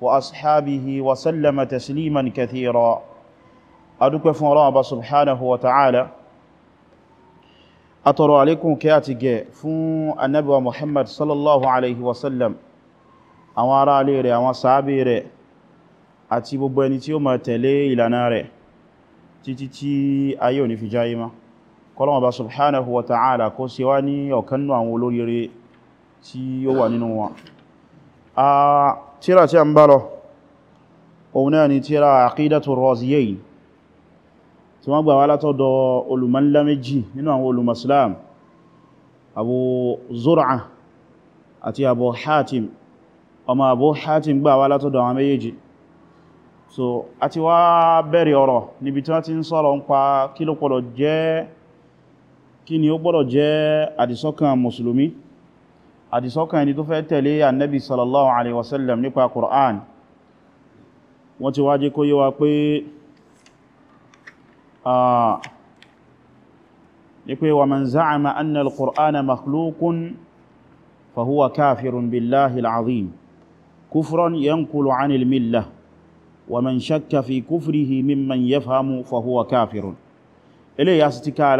وأصحابه وسلم تسليما كثيرا أدوك فرابا سبحانه وتعالى أترى عليكم كاتك فون النبي محمد صلى الله عليه وسلم àwọn ará alé rẹ̀ àwọn sàábé rẹ̀ àti gbogbo ẹni tí ó máa tẹ̀lé ìlànà rẹ̀ títí tí ayé ò ní fi jáyé má kọlọ̀wọ̀n bá subhanahu wa ta'ala kó ṣe wá ní ọ̀kanú àwọn olóríire tí ó wà nínú wọn tíra tí a ń bá lọ òun náà ni tíra Aqidatu Raziyayn tí wọ́n gbà wá látọ̀dọ̀ olùmọ̀lá méjì nínú àwọn olùmọ̀sílám Abu Zur'ah àti Abu Hatim ọmọ Abu Hatim gbà wá látọ̀dọ̀ àwọn méjì so a ti wá bẹ̀rẹ̀ ọ̀rọ̀ níbi tí wọ́n ti ń sọ̀rọ̀ ń pa kí ló gbọ́dọ̀ jẹ́ kí ni ó gbọ́dọ̀ jẹ́ àdìsọ́kàn mùsùlùmí àdìsọ́kàn ẹni tó fẹ́ tẹ̀lé annabi sallallahu alaihi wasallam nípa Qur'an wọ́n ti wájé kó yíwa pé nípe wa man za'ama anna al-Qur'ana makhluqun fahuwa kafirun billahi al-azim kufran yankulu anil millah wa man shakka fi kufrihi mimman yafhamu fahuwa kafirun ilé ya sì ti ká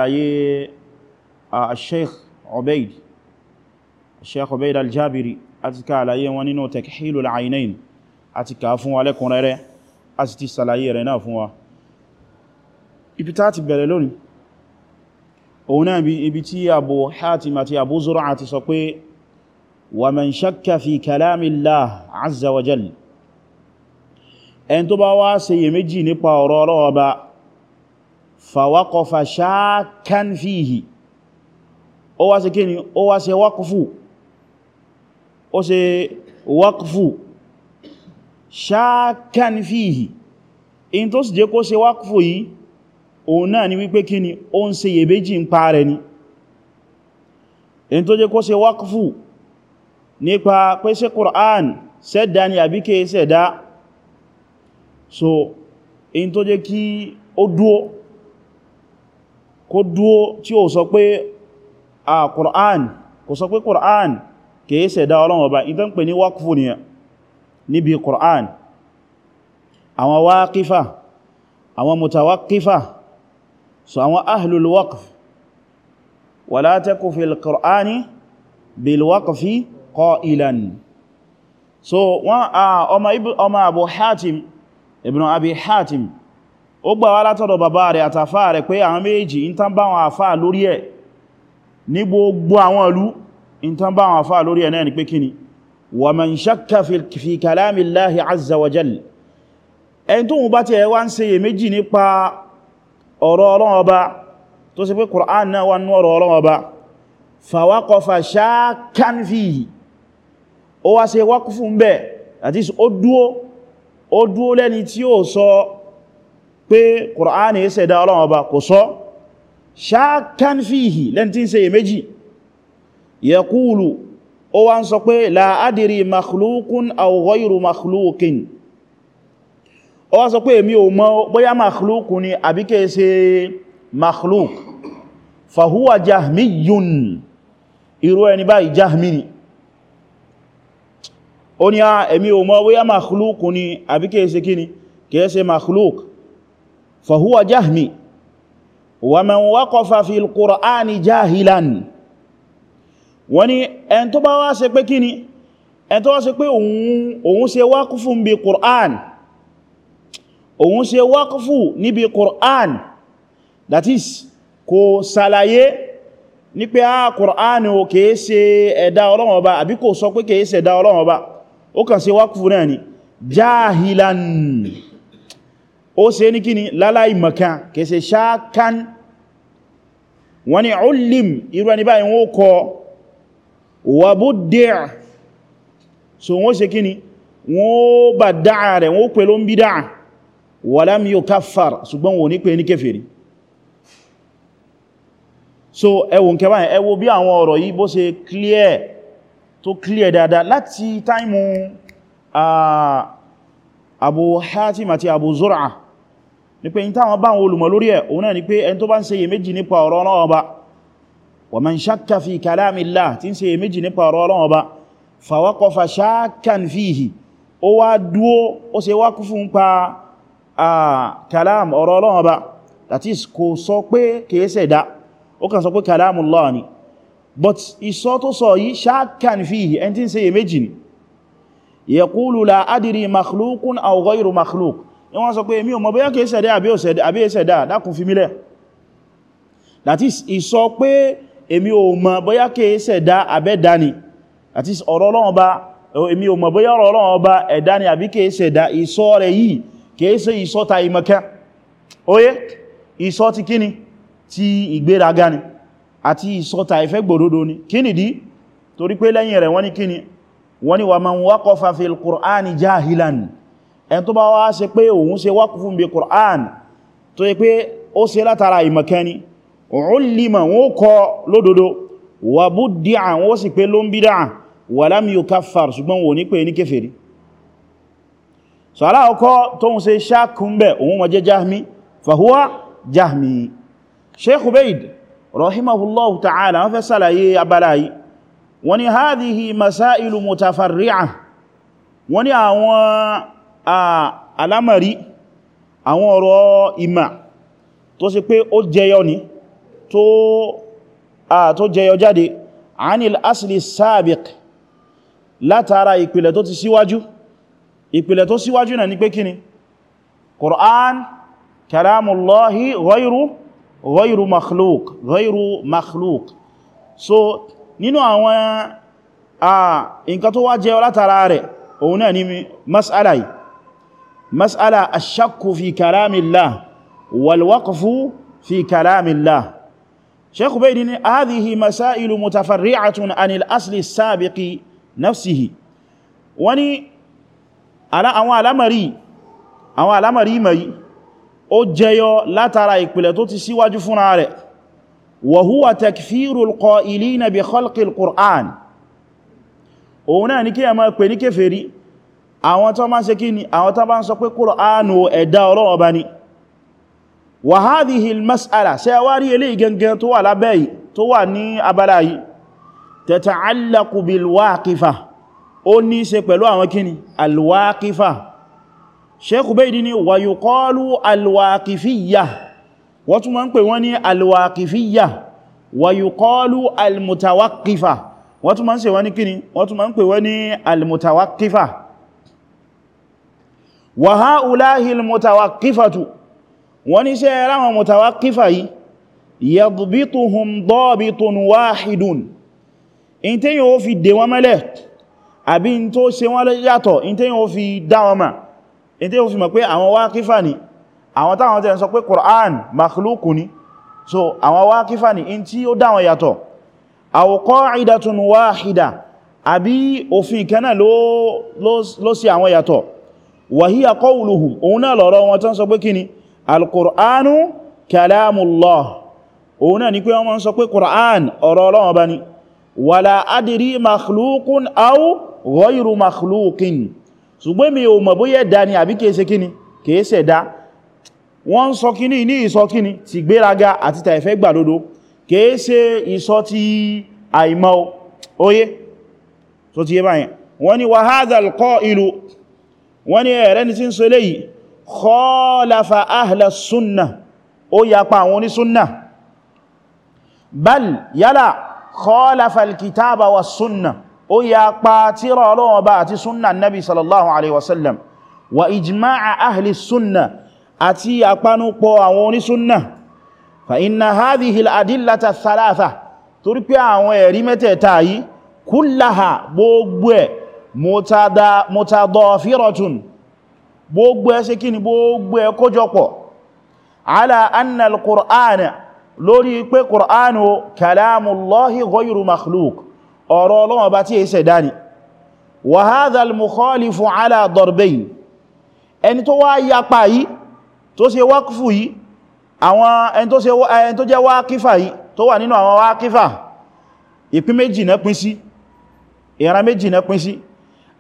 a sheikh Ubaid sheikh obaid aljabiri àti ká àlàyé wọn nínú takhilul aynain àti ká fún wa lẹ́kùn rẹ̀ a sì ti sàlàyé rẹ̀ náà fún wa ibi tá ti bẹ̀rẹ̀ lónìí òun náà ibi tí abu hatim àti abu zur'a ti sọ pé wa man shakka fi kalamillah azza wa jal ẹn tó bá wá ṣe yè méjì nípa ọ̀rọ̀ ọlọ́wọ́ ba fa waqafa shakkan fihi ó wá ṣe kí ni ó wá ṣe waqfu ó ṣe wákfù ṣákan fíhì in tó sì jẹ́ kó ṣe wákfù yìí òun náà ni wípé kí ni ó ń ṣe yèbéjì ń pa rẹ̀ ni in tó jẹ́ kó ṣe wákfù nípa pé ṣe Qur'an ṣẹ̀dá ni àbí kí ṣẹ̀dá so in tó jẹ́ kí ó dúó kó dúó tí ó sọ pé a Qur'an kò sọ pé Qur'an kìí ṣẹ̀dá Ọlọ́run Ọba ìtàn pè ní wákùfù ni níbi Qur'an àwọn wákífà àwọn mutawakífà so àwọn ahlul waqf wala taku fil Qur'ani bil waqfi qa'ilan so wọ́n a ọmọ Abu Hatim ibn Abi Hatim ó gbà wá látọ̀dọ̀ bàbá rẹ̀ àtàfà rẹ̀ pé àwọn méjì ń tán ní gbogbo àwọn ìlú in tán bá wọn fà lórí ẹ̀nà ni pé kíni wa man shakka fi kalami Allahi azza wa jal ẹn tó mú bá ti ẹwà ń ṣeyè méjì nípa ọ̀rọ̀ Ọlọ́run Ọba tó sì pé Qur'an náà wà nú ọ̀rọ̀ Ọlọ́run Ọba fa waqafa shakkan fihi ó wá ṣe wákúfù ń bẹ̀ àti ó dúó ó dúó lẹ́ni tí ó sọ pé Qur'an ní ṣẹ̀dá Ọlọ́run Ọba kò sọ shakkan fihi lẹ́ni tí ń ṣeyè méjì yaqulu ó wá ń sọ pé la adri makhlukun aw ghayru makhlukin ó wá sọ pé èmi ò mọ̀ bóyá makhlukun ni àbí kẹ́ ṣe makhluk fahuwa jahmiyun irú ẹni báyìí jahmi ni ó ní a èmi ò mọ̀ bóyá makhlukun ni àbí kẹ́ ṣe kíni kẹ́ ṣe makhluk fahuwa jahmi wa man waqafa fil qur'ani jahilan wọ́n ní ẹn tó bá wá ṣe pé kíni ẹn tó wá ṣe pé òun ṣe wákúfù níbi Qur'an òun ṣe wákúfù níbi Qur'an that is kò ṣàlàyé ní pé a ah, Qur'an o kèé ṣe ẹ̀dá Ọlọ́run Ọba àbí kò sọ pé kèé ṣe ẹ̀dá Ọlọ́run Ọba ó kàn ṣe wákúfù náà ni jahilan ó ṣe ní kíni láláì mọ̀kan kèé ṣe ṣákan wọ́n ní ulim irú ẹni báyìí wọ́n kọ́ wà bó dẹ̀ so wọ́n ṣe kí ni wọ́n bá dáa rẹ̀ wọ́n pè ló ń bí dáa wà láàmì yóò káfàr ṣùgbọ́n wọ́n ní pé ní kèfèrí so ẹwọ nkẹba ẹ wo bí àwọn ọ̀rọ̀ yìí bó ṣe clear tó clear dáadáa láti táìmù Abu Hatim àti Abu Zur'a ní pé ní táwọn bá àwọn olùmọ̀ lórí ẹ̀ òun náà ni pé ẹni tó bá ń ṣe iyèméjì nípa ọ̀rọ̀ náà ọba ومن man shakka كلام الله tí ń ṣe méjì nípa ọ̀rọ̀ Ọlọ́run فيه fa waqafa shakkan fihi ó wá dúó ó ṣe wá kúfù ń pa kalam ọ̀rọ̀ that is kò sọ pé kèése dá ó kàn sọ pé kalamullah but ìsọ tó sọ yìí shakkan fihi ẹni tí ń ṣe méjì ni yaqulu la adri makhluqun aw ghayru makhluq ni wọ́n sọ pé èmi ò mọ̀ bóyá kèése dá àbí èsẹ̀dá dákùn fi mílẹ̀ that is ìsọ pé èmi ò mọ̀ bóyá kèé ṣẹ̀dá àbẹ́dá ni àti ọ̀rọ̀ Ọlọ́run Ọba èmi ò mọ̀ bóyá ọ̀rọ̀ Ọlọ́run Ọba ẹ̀dá ni àbí kèé ṣẹ̀dá ìsọ́ rẹ̀ yìí kèé ṣe ìsọ́ ta ìmọ̀kẹ́ oyé ìsọ́ ti kíni ti ìgbéraga ni àti ìsọ́ ta ìfẹ́ gbòdodo ni kíni dí torí pé lẹ́yìn rẹ̀ wọ́n ní wọ́n ní wa man waqafa fil Qur'ani jahilan ẹn tó bá wá ṣe Qur'an tó yẹ pé ó ṣe ulima wọ́n kọ lódodo wà buddi'a wọ́n sì pé ló ń bídá wà lam yukaffar ṣùgbọ́n wọ́n ní pé ní kèfèrí so aláàkọ́ tó ń ṣe ṣákúnbẹ̀ òun wọ́n jẹ́ jahmi fahuwa jahmi sheikh ubaid rahimahullahu ta'ala wọ́n fẹ́ sàlàyé abalayi wọ́n ni hadhihi masailu mutafarri'a wọ́n ni àwọn alamari àwọn ọ̀rọ̀ ìmà tó sì pé ó jẹyọ ni tó a tó jẹyọ jáde anil asli sabiq látara ìpìlẹ̀ tó ti síwájú ìpìlẹ̀ tó síwájú náà ní pé kíni Qur'an kalamullahi ghayru ghayru makhluq ghayru makhluq so nínú àwọn a nǹkan tó wá jẹyọ látara rẹ̀ òun náà ni mas'ala yìí mas'ala ashakku fi kalamillah wal waqfu fi kalamillah sheikh ubaydi ni hadhihi masailu mutafarri'atun anil asli sabiqi nafsihi wani ala àwọn àlámọ̀rí àwọn àlámọ̀rí mai ó jẹyọ látara ìpìlẹ̀ tó ti síwájú fúnra rẹ̀ wa huwa takfirul qa'ilina bi khalqil qur'an òun náà ní kí ẹ máa pè ní kèfèrí àwọn tó máa ń ṣe kí ni àwọn tó bá ń sọ pé qur'an ni wa hadhihi al-mas'ala ṣé wá rí eléyìí gangan tó wà lábẹ́ yìí tó wà ní abala yìí tata'allaqu bil-waqifa ó ní ṣe pẹ̀lú àwọn kíni al-waqifa Sheikh Ubaydi ni wa yuqalu al wọ́n tún máa pè wọ́n ní al-waqifiyya wa yuqalu wọ́n tún máa ń wọ́n ní kíni wọ́n ní ṣe ráwọn mutawakifa yìí yadbituhum dabitun wahidun in tí yíò fi dè wọn mẹ́lẹ̀ àbí in tó ṣe wọ́n yàtọ̀ in tí yíò fi dá wọn mà in tí yíò fi mọ̀ pé àwọn wakifa ni àwọn táwọn tẹ́ sọ pé Qur'an makhluku ni so àwọn wakifa ni in tí ó dá wọn yàtọ̀ aw qa'idatun wahida àbí òfin kanáà ló sí àwọn yàtọ̀ wa hiya òun náà lọ́rọ̀ wọn tán sọ pé kíni alkùránù kalamullah òun náà ni pé wọ́n sọ pé kùrán ọ̀rọ̀ Ọlọ́run bá ní wàlá adìrí makhlukun au ghayru makhlukin ṣùgbọ́n mi ò mọ̀ bóyá ẹ̀dá ni àbí kèése kíni kèése dá wọ́n sọ kíní ní ìsọ kíní ti gbéraga àti tàìfẹ́ gbàdodo kèése ìsọ ti àìmọ́ oyé tó ti yé báyìí wọ́n ni wahadha alqa'ilu wọ́n ni ẹ̀rẹ́ni tí ń sọ léyìí khalafa ahla súnnà ó yapa àwọn onísúnnà bal yálà khalafa alkitaba wa súnnà ó yapa tírà Ọlọ́run Ọba àti súnnà nabi sallallahu alaihi wasallam wa ijma'a ahli súnnà àti àpanupọ̀ àwọn onísúnnà fa inna hadhihi al-adillata thalatha torí àwọn ẹ̀rí mẹ́tẹ̀ẹ̀ta yìí kullaha gbogbo ẹ̀ mutadafiratun gbogbo ẹ ṣe kí ni gbogbo ẹ kójọpọ̀ ala annal qur'an lórí pé qur'an o kalamullahi ghayru makhluk ọ̀rọ̀ Ọlọ́run bá tí è ṣe dáni wa hadha al mukhalifu ala darbayn ẹni tó wá yapa yìí tó ṣe wákùfù yìí àwọn ẹni tó jẹ́ wákífà yìí tó wà nínú àwọn wákífà ìpín méjì náà sí ìran méjì náà sí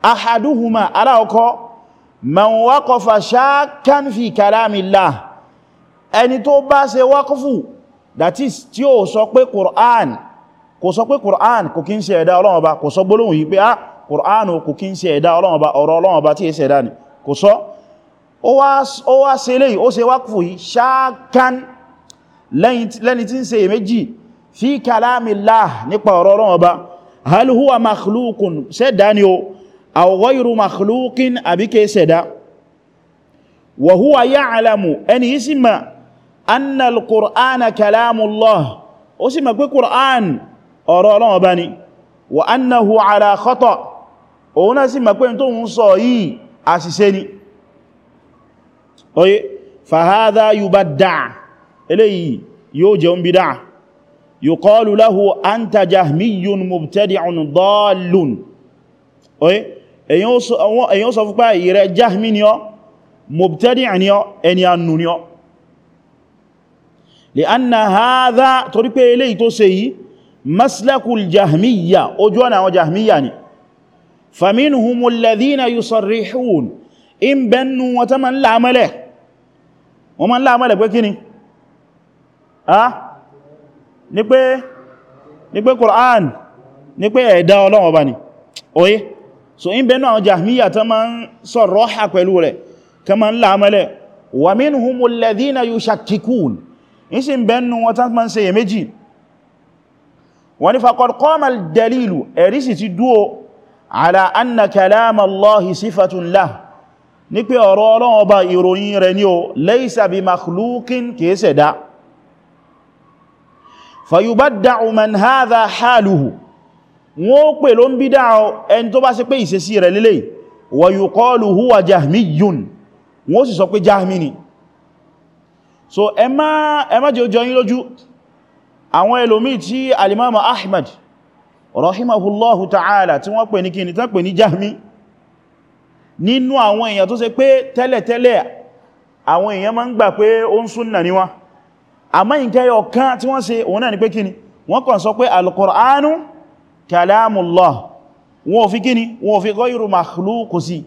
ahaduhuma aláọkọ́ man waqafa shakkan fi kalamillah ẹni tó bá ṣe waqfu that is tí ó sọ pé Qur'an kò sọ pé Qur'an kò kí ń ṣe ẹ̀dá Ọlọ́run Ọba kò sọ gbólóhùn yìí pé ah Qur'an kò kí ń ṣe ẹ̀dá Ọlọ́run Ọba ọ̀rọ̀ Ọlọ́run Ọba tí è ṣe ẹ̀dá ni kò sọ ó wá ṣe léyìí ó ṣe waqfu aw ghayru makhluqin àbíkẹ́ ṣẹ̀dá wa huwa ya'lamu ẹni yìí sì ma annal qur'ana kalamullah ó sì ma pé qur'an ọ̀rọ̀ Ọlọ́run bá ni wa annahu ala khata òun náà sì ma pé tó ń sọ yìí àṣìṣe ni oye fahadha yubadda eléyìí yóò jẹun bid'a yuqalu lahu anta jahmiyun mubtadi'un dallun oye èyàn sọ fún pé ìrẹ jahmi ni ọ mubtadi' ni ọ ẹni annu ni ọ li anna hadha torí pé eléyìí tó ṣe yìí maslakul jahmiya ojú ọ̀nà àwọn jahmiya ni faminhumu alladhina yusarrihun in bẹnu wata ma ń lámẹ́lẹ̀ wọ́n ma ń lámẹ́lẹ̀ pé kíni ah ní pé ní pé ẹ̀dá Ọlọ́run Ọba ni oye oh, so in bẹ̀nà àwọn jahmiya ta ma ń sọ rọ́ha pẹ̀lú rẹ̀ ta ma ń lámẹ́lẹ̀ wa minhumul ladhina yushakkikun in sì bẹ̀nà wọn ta ma ń ṣe yẹ̀méjì wọ́n ni faqad qama al-dalilu ẹ̀rí sì ti dúó ala anna kalama Allahi sifatun lah ní pé ọ̀rọ̀ Ọlọ́run Ọba ìròyìn rẹ̀ ni o laysa bi makhluqin kìí sẹ̀dá fayubadda'u man hadha haluhu wọ́n pè ló ń bídá ẹni tó bá ṣe pé ìṣesí rẹ̀ lélẹ̀ wa yuqalu huwa jahmiyun wọ́n sì sọ pé jahmi ni so ẹ má jẹ́ ojú ọyìn lójú àwọn ẹlòmí tí alimama ahmad rahimahullahu ta'ala tí wọ́n pè ní kíni tán pè ní jahmi nínú àwọn èèyàn tó ṣe pé tẹ́lẹ̀tẹ́lẹ̀ àwọn èèyàn máa ń gbà pé ó ń súnnà níwá àmá ìkẹyọ kan tí wọ́n ṣe òun náà ni pé kíni wọ́n kàn sọ pé al kalamullah wọn fi kíni wọn fi gọ́yìrù makhluku sí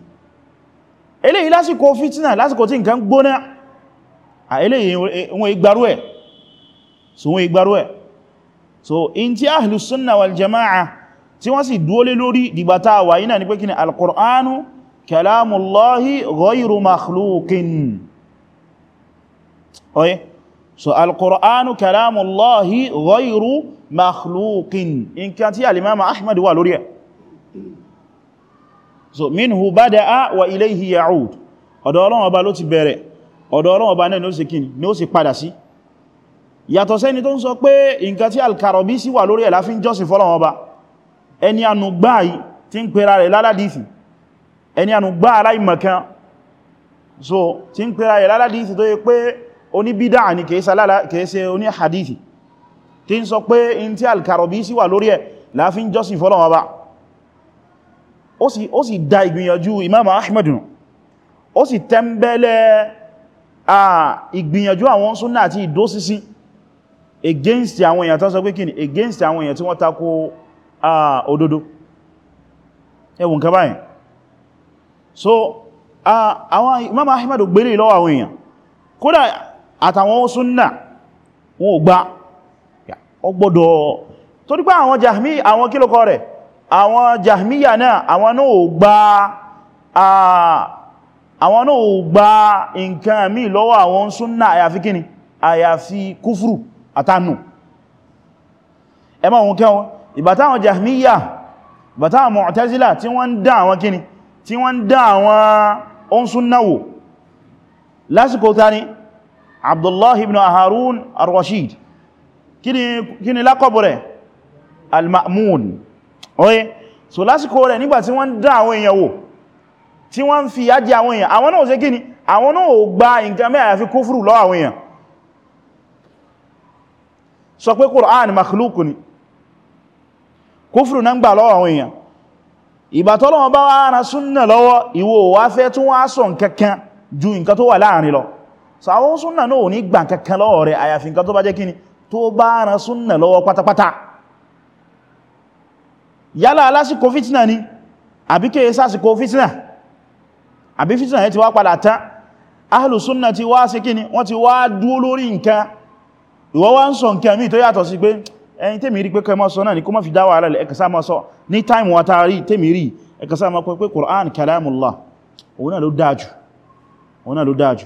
eléyìí lásìkò fìtínà lásìkò tí nǹkan gbóná à eléyìí wọn igbarú ẹ̀ so wọn igbarú ẹ̀ so in ti ahlus sunna wal jama'a tí wọ́n sì dúólé lórí dìgbàtà wà yínà ní pé alkùránù kalamullahi gọ́yìrù makhlukin oye okay? so alkùránù kalamullahi ghayru makhluqin in kí a tí alimama ahmad wà lórí ẹ̀ so minhu bada'a wa ilayhi ya'ud ọ̀dọ̀ Ọlọ́run ọba ló ti bẹ̀rẹ̀ ọ̀dọ̀ Ọlọ́run ọba náà ni ó sì kíni ni ó sì padà sí yàtọ̀ sẹ́ni tó ń sọ pé nǹkan tí al-Karabisi so tí ń pera rẹ̀ oníbídá ní kèése oní hadithi tí ń sọ pé in tí alkarobi sí wà lórí ẹ̀ láàfin jọ́sìn fọ́lọ̀wọ́ bá ó sì dá ìgbìyànjú imama ahmed nù ó sì tẹ́mbẹ́lẹ̀ ìgbìyànjú àwọn súnnà àti ìdósísí against àwọn èèyàn tó sọ pé kíni against àwọn èèyàn tí wọ́n tako òdodo ẹwùn kẹbáyìn so àwọn imama ahmed gbélé lọ́wọ́ àwọn èèyàn kódà àtàwọn súnnà wọn ò gbá ọgbọ́dọ̀ torí pé àwọn jahmi àwọn kílòkọ rẹ̀ àwọn jahmiya náà àwọn náà ò gbá àwọn náà ò gbá nǹkan mí lọ́wọ́ àwọn súnnà àyàfi kíni àyàfi kúfùrù àtànù ẹmọ òun kẹwọn ìbàtà àwọn jahmiya ìbàtà àwọn mu'tazila tí wọ́n ń dá àwọn lásìkò ta abdullahi ibn harun ar-rashid kí ni lákọ̀bù rẹ̀ al-ma'mun oye so lásìkò rẹ̀ nígbàtí wọ́n dá àwọn èèyàn wò tí wọ́n fi yájí àwọn èèyàn àwọn náà ṣe kí ni àwọn náà ò gba nǹkan mẹ́ àyàfi kúfùrù lọ àwọn èèyàn sọ pé Qur'an makhlúkù ni kúfùrù náà gbà lọ́wọ́ àwọn èèyàn ìbàtọ́lọ́wọ́ bá wá ara súnnà lọ́wọ́ ìwò wá fẹ́ tún wá sọ nǹkankan ju nǹkan tó wà láàrin lọ so àwọn súnnà náà ò ní gbà kankan lọ́wọ́ rẹ̀ àyàfi nǹkan tó bá jẹ́ kíni tó bá ran súnnà lọ́wọ́ pátápátá yálà alásìkò fitna ni àbí kéye sásìkò fitna àbí fitna yẹn ti wá padà tán ahlu súnnà ti wá sí kíni wọ́n ti wá dúó lórí nǹkan ìwọ́ wá ń sọ nǹkan míì tó yàtọ̀ sí pé ẹyin tèmi rí pé kẹ́ má sọ náà ni kó má fi dá wàhálà lẹ̀ ẹkàsá sọ ní táìmù wa taari tèmi rí ẹkàsá má pé Qur'an kalamullah òun náà ló dájú òun náà ló dájú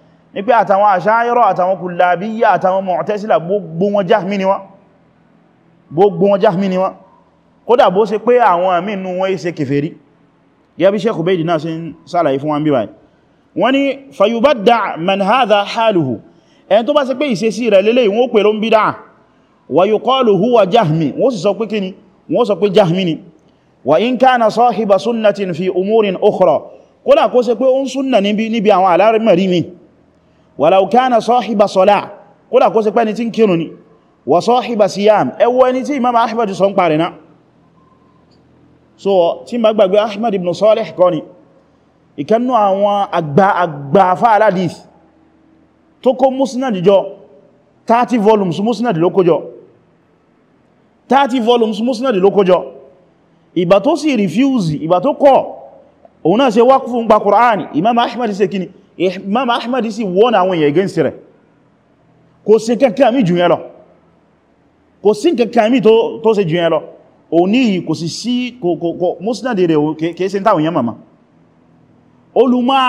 ní pé àtàwọn àṣáyọ́rọ̀ àtàwọn kùlàbíyà àtàwọn mọ̀tẹ́sílà gbogbo wọn jahmi ni wọ́n gbogbo wọn jahmi ni wọ́n kódà bó ṣe pé àwọn àmì inú wọn ṣe kèfèrí yàbí sẹ́kù bẹ́ẹ̀dì náà ṣe ń sàlàyé fún wọn bí báyìí wọ́n ni fayubadda man hadha haluhu ẹni tó bá ṣe pé ìṣesí rẹ̀ lélẹ̀ wọ́n walau kana sahiba salah kódà kó ṣe pé ni tí ń kírun ni wa sahiba siyam ẹwọ ẹni tí imam ahmad sọ ń parẹ̀ náà so tí ma gbàgbé ahmad ibn salih kọ́ ni ìkannú àwọn àgbàfà aládìs tó kó musnad jọ 30 volumes musnad ló kó jọ 30 volumes musnad ló kó jọ ìgbà tó sì refuse ìgbà tó kọ̀ òun náà ṣe wákùfù Eh, Imam Ahmad sì wọ́n àwọn èèyàn against rẹ̀ kò sí kankan mi jù yẹn lọ kò sí kankan mi tó ṣe jù yẹn lọ o ní kò sí sí kò mọ́sílẹ̀ rẹ̀ kèése táwọn èèyàn mama olùmọ̀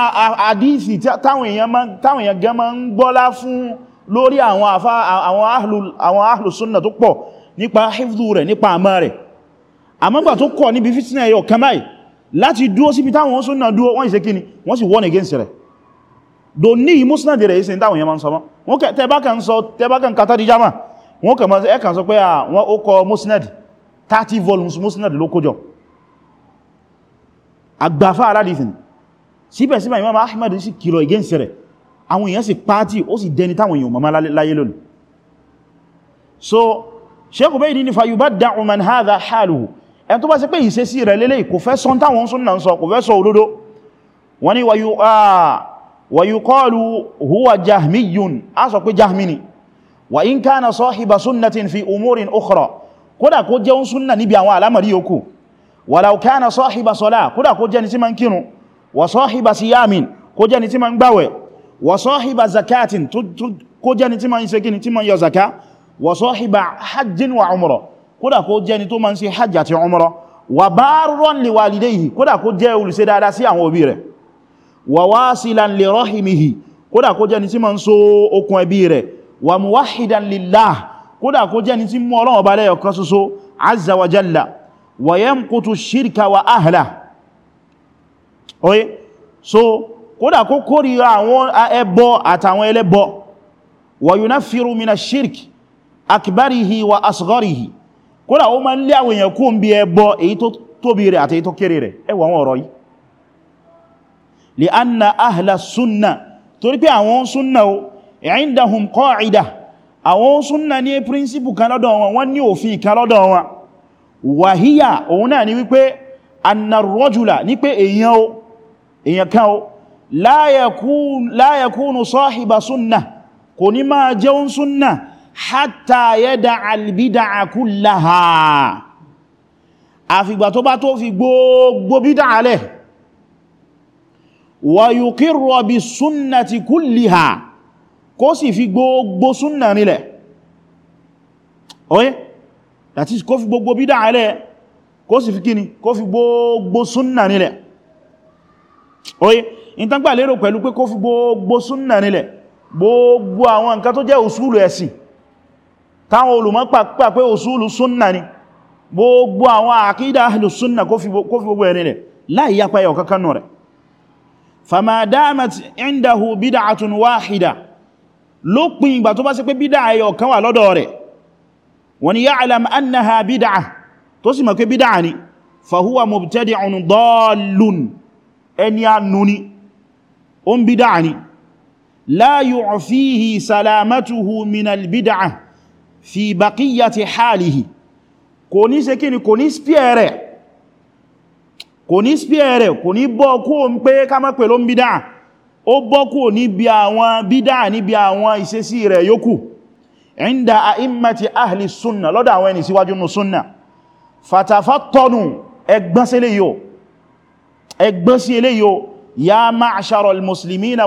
àdíìsì táwọn èèyàn gan ma ń gbọ́lá fún lórí àwọn ahlùsúnnà tó pọ̀ nípa hifdhu rẹ̀ nípa àmà rẹ̀ àmọ́gbà tó kọ̀ níbi fitna ẹyọ kamáì láti dúó síbi táwọn súnnà dúó wọ́n ìsẹ́kíni wọ́n sì wọ́n against rẹ̀ Doni ní ìmúsùnà dẹ̀rẹ̀ ìsìn táwọn yẹn ma ń sọ mọ́ tẹbákan sọ tẹbákan katari jama wọ́n kàn mọ́ ẹ̀kàn sọ pé àwọn ó kọ musnad 30 volumes musnad ló kójọ àgbàfà aládìsìn síbẹ̀síbẹ̀ Imam Ahmad sí kìlọ̀ against rẹ̀ àwọn èèyàn sì pàtí ó sì dẹni táwọn èèyàn mọ́má láyé lónìí so Sheikh Ubaydi ní fayubadda'u man hadha halu ẹn tó bá ṣe pé ìṣesí rẹ̀ lélẹ́ kò fẹ́ sọ táwọn súnnà ń sọ kò fẹ́ sọ òdodo wọ́n ni wáyú àà wa yuqalu huwa jahmiyun a sọ pé jahmini wa in kana sahiba sunnatin fi umurin ukhra kódà kó jẹ́ un sunna níbi àwọn alamari yòókù walau kana sahiba sala kódà kó jẹ́ ni tí ma ń kírun wa sahiba siyamin kó jẹ́ ni tí ma ń gbàwẹ̀ wa sahiba zakatin kó jẹ́ ni tí ma ń ṣe kíni tí ma ń yọ zaka wa sahiba hajjin wa umra kódà kó jẹ́ ni tó ma ń ṣe hajj àti umra wa barran liwalidayhi kódà kó jẹ́ olùṣe dáadáa sí àwọn òbí rẹ̀ wa wasilan li rahimihi kódà kó jẹ́ ni tí ma ń so okùn ẹbí rẹ̀ wa muwahidan lillah kódà kó jẹ́ ni tí mú Ọlọ́run Ọba lẹ́yọ̀ kan ṣoṣo azza wa jalla wa yamqutu shirka wa ahla kódà kó kórìíra àwọn ẹbọ àtàwọn ẹlẹ́bọ li anna ahla súnnà torí pé àwọn súnnà o indahum qa'ida àwọn súnnà ní príncipù kan lọ́dọ̀ wọn wọ́n ní òfin kan lọ́dọ̀ wọn wàhíyà òun náà ni wípé anna rajula ní pé èèyàn o èèyàn kan o la yakunu sahiba súnnà kò ní máa jẹun súnnà hatta yada albida'a kullaha àfìgbà tó bá tó fi gbogbo bídà alẹ́ wa ti kú sunnati kulliha kó sì fi gbogbo súnnà nílẹ̀ oye that is kó gbogbo bídá alẹ́ kó sì fi kíni kó fi gbogbo súnnà nílẹ̀ oye in tán gbà lérò pẹ̀lú pé kó fi gbogbo súnnà nílẹ̀ gbogbo àwọn nǹkan tó jẹ́ òsúlù ẹ̀sìn táwọn pàpà pé òsúlù àwọn àkídà súnnà kó gbogbo ẹ̀ nílẹ̀ ẹ̀ ọ̀kankan rẹ̀ fama dámat indahu bid'atun wahida lópin ìgbà tó bá sí pé bídá ẹyọ kan wà lọ́dọ̀ rẹ̀ wọ́n ni ya'lam annaha bídá tó sì mọ̀ pé bídá ni fahuwa mubtadi'un dallun ẹni annuni o ń bídá ni la yu'fihi salamatuhu minal bídá fi baqiyyati halihi kò ní ṣe kí ni kò ní spẹ́rẹ̀ kò ní spíẹ̀ rẹ̀ kò ní bọ́ kó ń pé ká má pè ló ń bídá ó bọ́ kó níbi àwọn bídá níbi àwọn ìṣesí rẹ̀ yókù inda a'immati ahli sunna lọ́dọ̀ àwọn ẹni síwájú nù sunna fatafattanu ẹgbọ́n sí eléyìí ẹgbọ́n sí eléyìí ya ma'sharal muslimina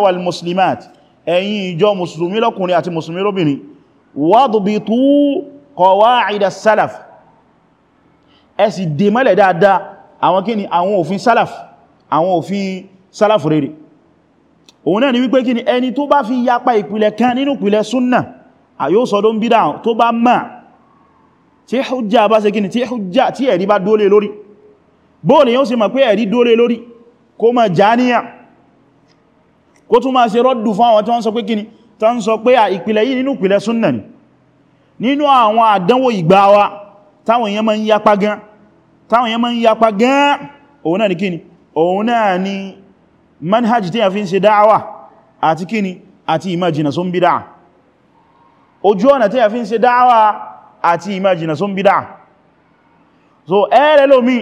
dè mọ́lẹ̀ dáadáa àwọn kíni àwọn òfin salaf àwọn òfin salaf rere òun náà ni wípé kíni ẹni tó bá fi yapa ìpìlẹ̀ kan nínú ìpìlẹ̀ súnnà àyó sọ́dọ̀ ń bídá tó bá mà tí hujja bá ṣe kíni tí hujja tí ẹ̀rí bá dólé lórí bóòlì yóò sì mọ̀ pé ẹ̀rí dólé lórí kó ma jáníyà kó tún ma ṣe rọ́dù fún àwọn tí sọ pé táwọn yẹn máa ń yapa gan òun náà ni kíni òun náà ni manhaj tí a fi ń ṣe dáwà àti kíni àti ìmájìnà sún bídá ojú ọ̀nà tí a fi ń ṣe dáwà àti ìmájìnà sún bídá so ẹ̀rẹ́ lómi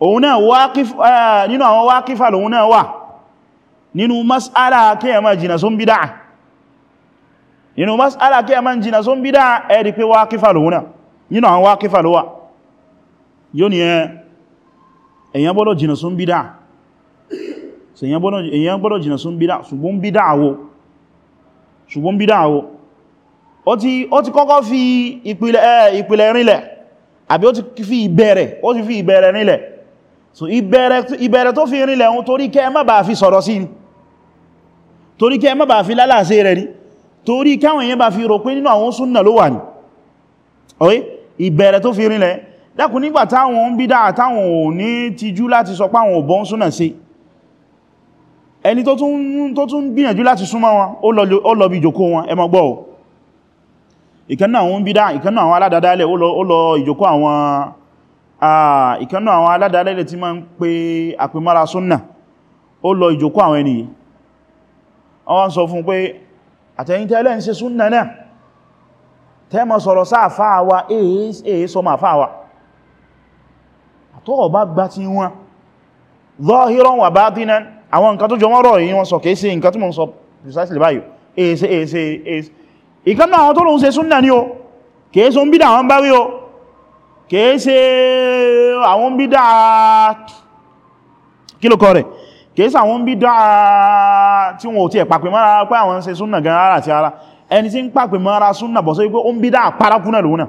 òun náà nínú àwọn wákífà lòun náà wà nínú mas'ala kí a máa jìnà sún bídá nínú mas'ala kí a máa jìnà sún bídá ẹ̀rí pé wákífà lòun náà nínú àwọn wákífà lòun náà yóò ní ẹ̀yàn gbọ́dọ̀ jìnà sún bídá ẹ̀yàn gbọ́dọ̀ jìnà sún bídá ṣùgbọ́n bídá àwọ ṣùgbọ́n bídá àwọ ó ti kọ́kọ́ fi ìpìlẹ̀ rinlẹ̀ àbí ó ti fi ìbẹ̀rẹ̀ ó ti fi ìbẹ̀rẹ̀ rinlẹ̀ so ìbẹ̀rẹ̀ tó fi rinlẹ̀ ohun torí kẹ́ má bàá fi sọ̀rọ̀ sí torí kẹ́ má bàá fi lálàáṣẹ́ rẹ̀ rí torí káwọn èèyàn bá fi rò pé nínú àwọn súnnà ló wà ní ọ̀rẹ́ ìbẹ̀rẹ̀ tó fi rinlẹ̀ dákun nígbà táwọn ń bídá àtàwọn ò ní tijú láti sọ páwọn ò bọ́n súnà sí ẹni tó tún gbìyànjú láti súnmọ́ wọn ó lọ bí ìjòkó wọn ẹ má gbọ́ ò ìkànnà àwọn ń bídá ìkànnà àwọn aládádálẹ̀ ó lọ ìjòkó àwọn pe àpèmára súnà ó lọ ìjòkó àwọn ènìyàn wọ́n sọ fún pé àtẹ̀yìntẹ́lẹ́ ń ṣe súnà náà tẹ́ mọ́ sọ̀rọ̀ sáà fáà èé sọmọ̀ fáà wa àtọ́rọ̀ bá gbá ti wọn zahiran wa batinan àwọn nǹkan tó jọ mọ́rọ̀ yìí wọ́n sọ kìí ṣe nǹkan tí mo ń sọ precisely báyìí èsè èsè èsè ìkánná àwọn tó lóun ṣe súnnà ní o kìí ṣe ń bídà àwọn bá rí o kìí ṣe àwọn bídà kílòkọ rẹ̀ kìí ṣe àwọn bídà tí wọn ò ti ẹ̀ pàpẹ mọ́ra pé àwọn ṣe súnnà gan ara àti ara ẹni tí ń pàpẹ mọ́ra súnnà bọ̀ sọ wípé ó ń bídà parákúnà lónà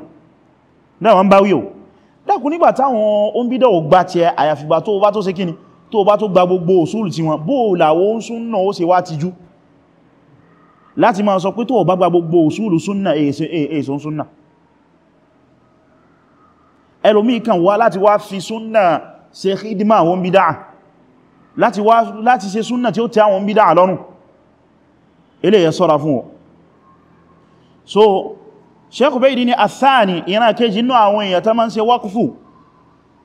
náà wọ́n bá rí o dákun nígbà táwọn oúnbídọ̀ ò gbá ti ẹ àyàfìgbà tó bá tó ṣe kíni tó bá tó gba gbogbo òsúlù tí wọn bóò làwọ́ súnnà ó ṣe wá ti jú láti máa sọ pé tó bá gba gbogbo òsúlù súnnà èèsùn súnnà kan wá láti fi súnnà ṣe hídímà àwọn bídá láti wá láti ṣe súnnà tí ó tẹ àwọn bídá lọ́rùn eléyẹ so sheikh ubaidi ni athani yana kejì inú àwọn èèyàn ta ma ń ṣe wakufu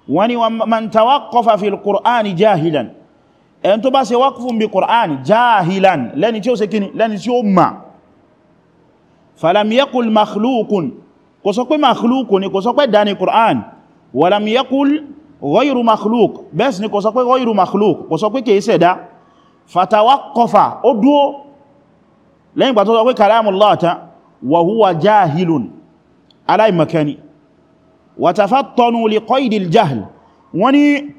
wani wa man tawaqqafa fil qur'ani jahilan ẹn tó bá ṣe wakufu bi qur'an jahilan lẹ́ni tí ó ṣe kíni lẹ́ni tí ó ma falam yaqul makhluqun kò sọ pé makhluqun ni kò sọ pé dani qur'an walam yaqul ghayru makhluq bes ni kò sọ pé ghayru makhluq kò sọ pé ke ṣe da fatawaqqafa ó lẹ́yìn gbà tó sọ wa huwa jahilun aláìmakani wa tafattanu li qaydil jahl wọ́n ni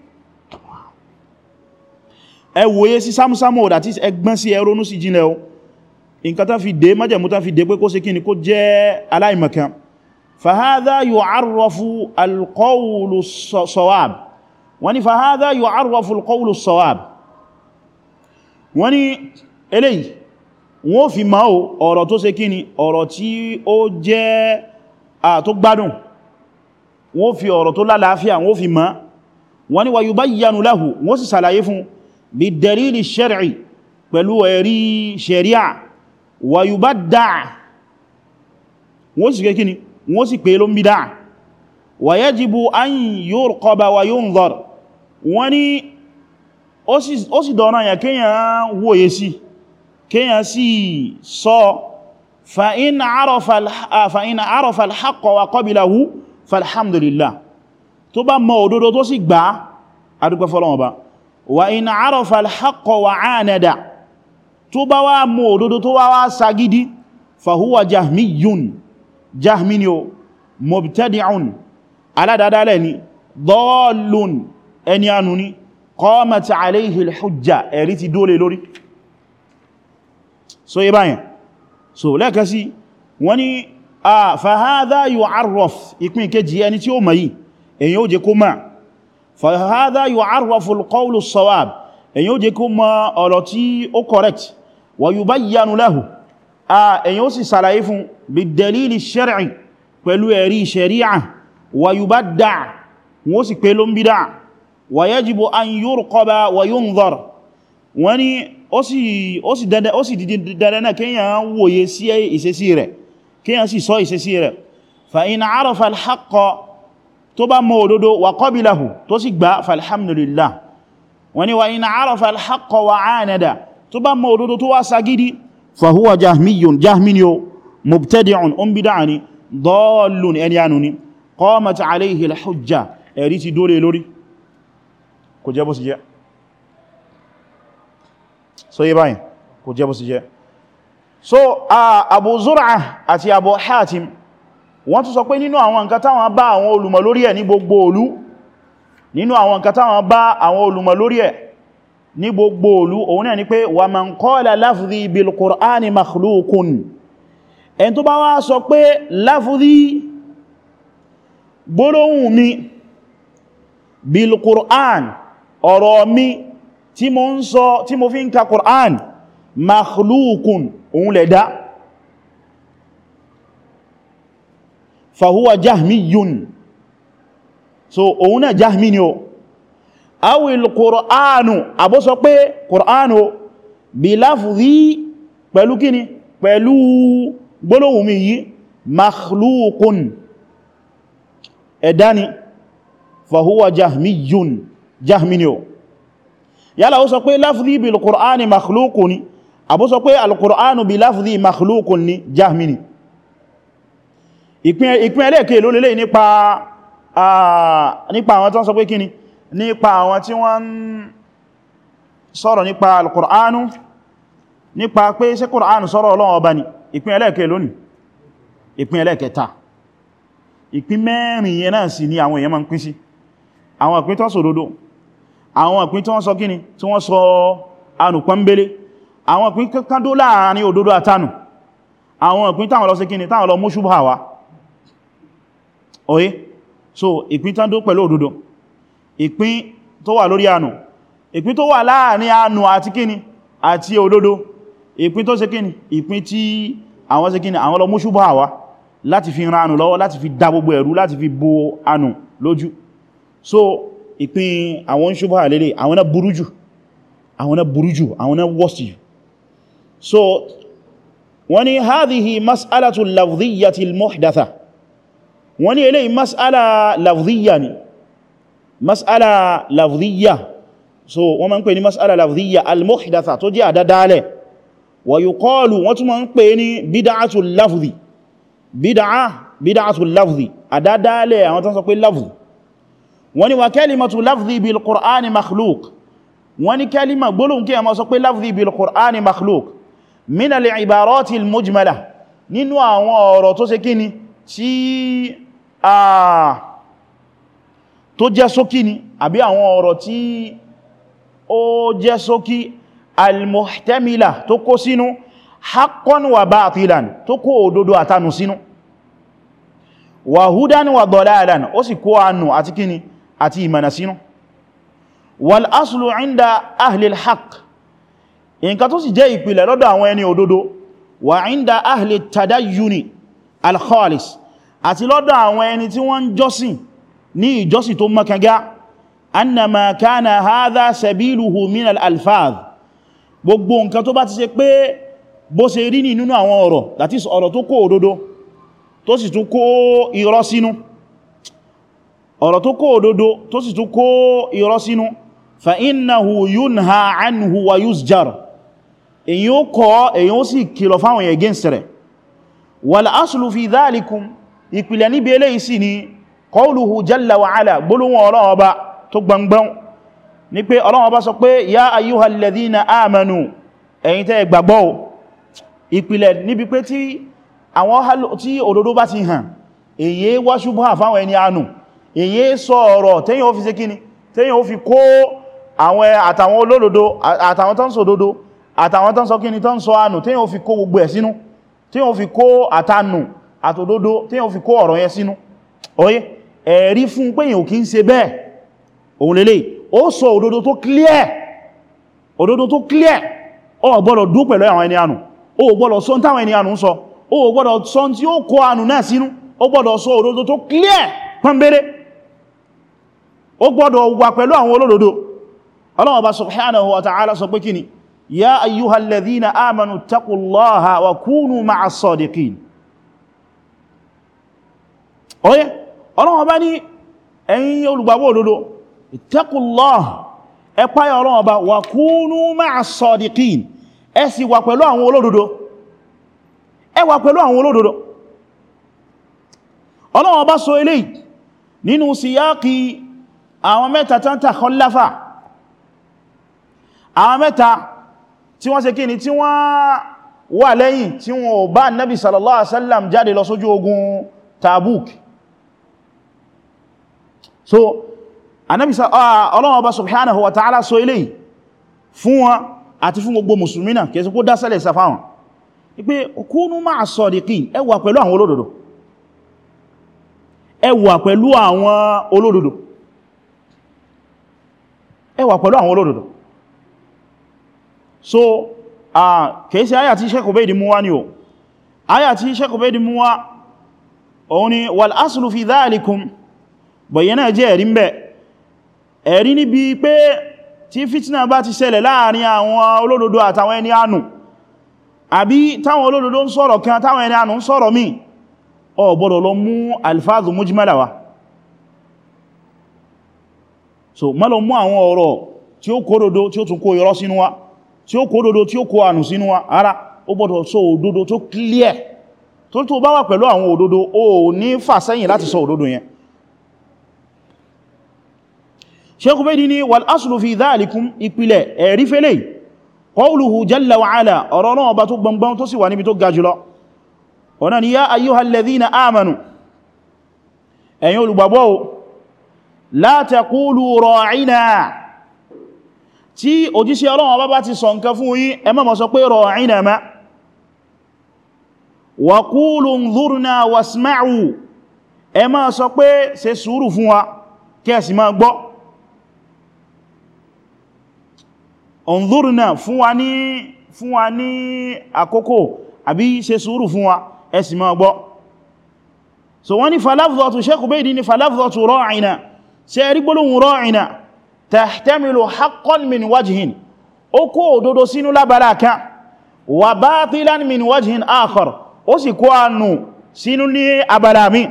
ẹwòye sí sámúsámú ọ̀dá tí ẹgbọ́n sí ẹrónú sí jílẹ̀ o nǹkan tán fi dé májẹ̀mú tán fi dé pé kó sí kíni kó jẹ́ aláìmakan fahadha yu'arrafu alqawlu sawab wọ́n ni fahadha yu'arrafu alqawlu sawab wọ́n ni wọ́n fi máa o ọ̀rọ̀ tó ṣe kíni ọ̀rọ̀ tí ó jẹ́ àtó gbádùn wọ́n fi ọ̀rọ̀ tó lálàáfíà wọ́n fi máa wọ́n ni wa yubayyanu lahu wọ́n sì sàlàyé fún bí dalili shar'i pẹ̀lú ẹ̀rí sharia wọ́n sì kíni wọ́n kíyàn sí sọ fa'in àrọ̀fà alhaqqa wa qabilahu falhamdulillah tó bá mọ̀ òdodo tó sì gbà adúgbẹ́ fọ́lọ́wọ́ ba wa in àrọ̀fà alhaqqa wa ánẹ́dà tó bá wá mọ̀ òdodo tó wá wá sagidi fahuwa jahmiyun jahminio mubtadi'un aládádálẹ̀ ni dọ́ọ̀lùn ẹni anuni qamat alayhi so yé báyẹn so lẹ́ẹ̀kan sí wọ́n ní a fahadha yu'arraf ìpín kejì ẹni tí ó mọ̀ yìí èyàn ó jẹ kó máa fahadha yu'arrafu al-qawlu as-sawab èyàn ó jẹ kó mọ̀ ọ̀rọ̀ tí ó correct wa yubayyanu lahu a èyàn ó sì sàlàyé fún bid-dalil ash pẹ̀lú ẹ̀rí sharia wa yubadda' wọ́n sì pẹ̀lú bid'a wa yajibu an yurqaba wa yunzar wọ́n ni ó sì ó sì dandan ó sì dìde dandan náà kíyàn wòye sí ìṣesí rẹ̀ kíyàn sì sọ ìṣesí rẹ̀ fa in arafa al-haqqa tó bá mọ̀ òdodo wa qabilahu tó sì gbà falhamdulillah wani wa in arafa al-haqqa wa anada tó bá mọ̀ so yí báyìí kò jẹ́ bó sì jẹ́ so Abu Zur'ah àti Abu Hatim wọ́n tún sọ pé nínú àwọn nǹkan táwọn bá àwọn olùmọ̀ lórí ẹ̀ ní gbogbo òlú nínú àwọn nǹkan táwọn bá àwọn olùmọ̀ lórí ẹ̀ ní gbogbo òlú òun náà ni pé wà man qala lafzi bil Qur'ani makhlukun. ẹni tó bá wá sọ pé lafzi gbólóhùn mi bil Qur'an ọ̀rọ̀ mi tí mo ń sọ tí mo fi ń ka Qur'an makhlukun òun lè dá fahuwa jahmiyun so òun náà jahmi ni o awil Qur'anu abó sọ pé Qur'anu bí láfúrí pẹ̀lú kíni pẹ̀lú gbólóhùn yìí makhlukun ẹ̀dá ni fahuwa jahmiyun jahmi ni o yálà ó sọ pé láfdí bí alkùránì makhlúkù ni àbú sọ pé alkùránù bí láfdí makhlúkù ni jahmini ìpín ẹlẹ́ẹ̀kẹ́ ló lélẹ́ nípa àwọn tó ń sọ pé kíni nípa àwọn tí wọ́n sọ̀rọ̀ nípa alkùránù nípa pé ṣé kùránù sọ̀rọ̀ Ọlọ́run ọba ni ìpín ẹlẹ́ẹ̀kẹ́ lónìí àwọn ìpín tí wọ́n sọ kíni tí wọ́n sọ anù pọ́nbélé àwọn ìpín kádó láàrin òdodo àtànù àwọn ìpín táwọn lọ sí kíni táwọn lọ mú ṣubha oye so ìpín tán dó pẹ̀lú òdodo ìpín tó wà lórí ànù ìpín tó wà láàrin ànù àti kíni àti òdodo ìpín tó ṣe kíni ìpín tí àwọn ṣe kíni àwọn lọ mú ṣubha wá láti fi ran ànù lọ́wọ́ láti fi dá gbogbo ẹ̀rú láti fi bo ànù lójú so ìpín àwọn ṣubá àlélè àwọn náà burú jù àwọn náà burú àwọn náà worst so wọ́n ni hadhihi mas'alatu lafziyyati al-muhdatha wọ́n ni eléyìí mas'ala lafziyya ni mas'ala lafziyya so wọ́n ma ń pè ní mas'ala lafziyya al-muhdatha tó jẹ́ àdádálẹ̀ wa yuqalu wọ́n tún ma bid'atu lafzi bid'a bid'atu lafzi àdádálẹ̀ àwọn tán sọ pé lafzi wọ́n ní wa kalimatu lafzi bil qur'ani makhluq wọ́n ní kalima gbólóhùn kí a máa sọ pé lafzi bil qur'ani makhluq min al ibarati al mujmala nínú àwọn ọ̀rọ̀ tó ṣe kíni tí a tó jẹ́ sókí ni àbí àwọn ọ̀rọ̀ tí ó jẹ́ sókí al tó kó sínú haqqan batilan tó kó òdodo àtanù sínú wa hudan ó sì kó àánú àti kíni àti ìmọ̀nà sínú wal aslu inda ahlil haq nǹkan tó sì jẹ́ ìpìlẹ̀ lọ́dọ̀ àwọn ẹni òdodo wà inda ahlil tadayyuni alkhalis àti lọ́dọ̀ àwọn ẹni tí wọ́n jọ́sìn ní ìjọ́sìn tó mọ́kànga annama kana hadha sabiluhu min al-alfaz gbogbo nǹkan tó bá ti ṣe pé bó ṣe rí nínú àwọn ọ̀rọ̀ that is ọ̀rọ̀ tó kó òdodo tó sì tún kó irọ́ sínú ọ̀rọ̀ tó kó òdodo tó sì tún kó irọ́ sínú fa innahu yunha anhu wa yusjar èyí ó kọ́ èyí ó sì kìlọ̀ fáwọn èyàn against rẹ̀ wal aslu fi dhalikum ìpìlẹ̀ níbi eléyìí sì ni qawluhu jalla wa ala gbólóhùn ọlọ́wọ́ bá tó gbangban ní pé ìyẹ́ sọ ọ̀rọ̀ tẹ́yìn ó fi ṣe kíni tẹ́yìn ó fi kó àwọn àtàwọn olódodo àtàwọn tán sọ dodo àtàwọn tán sọ kíni tán sọ ànù tẹ́yìn ó fi kó gbogbo ẹ̀ sínú tẹ́yìn ó fi kó àtànù àtòdodo tẹ́yìn ó fi kó ọ̀rọ̀ yẹn sínú oyé ẹ̀rí fún pé yìí ò kí ń ṣe bẹ́ẹ̀ òun lélẹ̀ ó sọ òdodo tó clear òdodo tó clear ó gbọ́dọ̀ dú pẹ̀lú àwọn ẹni ànù ó gbọ́dọ̀ sọ táwọn ẹni ànù ń sọ ó gbọ́dọ̀ sọ tí ó kó ànù náà sínú ó gbọ́dọ̀ sọ òdodo tó clear pọ́nbẹ́rẹ́ ó gbọ́dọ̀ wà pẹ̀lú àwọn olódodo ọlọ́wọ́ bá subhanahu wa ta'ala sọ pé kíni ya ayyuhal ladhina amanu taqullaha wa kunu ma'as sadiqin oye ọlọ́wọ́ bá ní ẹ̀yin olùgbàgbọ́ òdodo taqullaha ẹ páyà ọlọ́wọ́ bá wa kunu ma'as sadiqin ẹ sì wà pẹ̀lú àwọn olódodo ẹ wà pẹ̀lú àwọn olódodo ọlọ́wọ́ bá sọ eléyìí nínú síyáàkì àwọn mẹ́ta tán tà kọláfà àwọn mẹ́ta tí wọ́n ṣe kí ni tí wọ́n wà lẹ́yìn tí wọ́n ò bá nábi sallallahu alaihi jáde lọ sójú ogun Tabuk so anábi ah, ọlọ́wọ́ bá subhanahu wa ta'ala so ilé fún wọn àti fún gbogbo musulmi náà kẹsí kó dásẹ̀lẹ̀ sàfáwọn ipé kúnú máa sadiqin ẹ wà pẹ̀lú àwọn ẹ wà pẹ̀lú àwọn olódodo so kìí ṣe ayà tí Sheikh Ubaydi mú wá ní o ayà tí Sheikh Ubaydi mú wá òun ni wal aslu fi dhalikum bayyana jẹ́ ẹ̀rí ń bẹ̀ ẹ̀rí níbi pé tí fitna bá ti ṣẹlẹ̀ láàrin àwọn olódodo àtàwọn ẹni ànù àbí táwọn olódodo ń sọ̀rọ̀ kan táwọn ẹni ànù ń sọ̀rọ̀ míì ó gbọ́dọ̀ lọ mú alfáàzù mujmalawa so má lọ mú àwọn ọ̀rọ̀ tí ó kódodo tí ó tún kó irọ́ sínú wa tí ó kódodo tí ó kó ànù sínú wa ara ó gbọ́dọ̀ sọ òdodo tó clear tó tó bá wà pẹ̀lú àwọn òdodo ó ní fàsẹ́yìn láti sọ òdodo yẹn Shaykh Ubaydi ni wal aslu fi dhalikum ìpìlẹ̀ ẹ̀rí fẹ́lẹ̀ qawluhu jalla wa ala ọ̀rọ̀ náà ọba tó gbọmgbọm tó sì wà níbi tó ga jùlọ ni ya ayyuhal ladhina amanu ẹ̀yin olùgbàgbọ́ la taqulu ra'ina tí òjíṣẹ́ Ọlọ́run bá bá ti sọ nǹkan fún yín ẹ má máa sọ pé ra'ina má wa qulu unzurna wasma'u ẹ má sọ pé ṣe sùúrù fún wa kí máa gbọ́ so wọ́n ní falafzatu Shaykh Ubaydi ní ṣe rí gbólóhùn ra'ina tahtamilu haqqan min wajhin ó kó òdodo sínú lábala kan wa batilan min wajhin akhar ó sì kó ànù sínú ní abala mi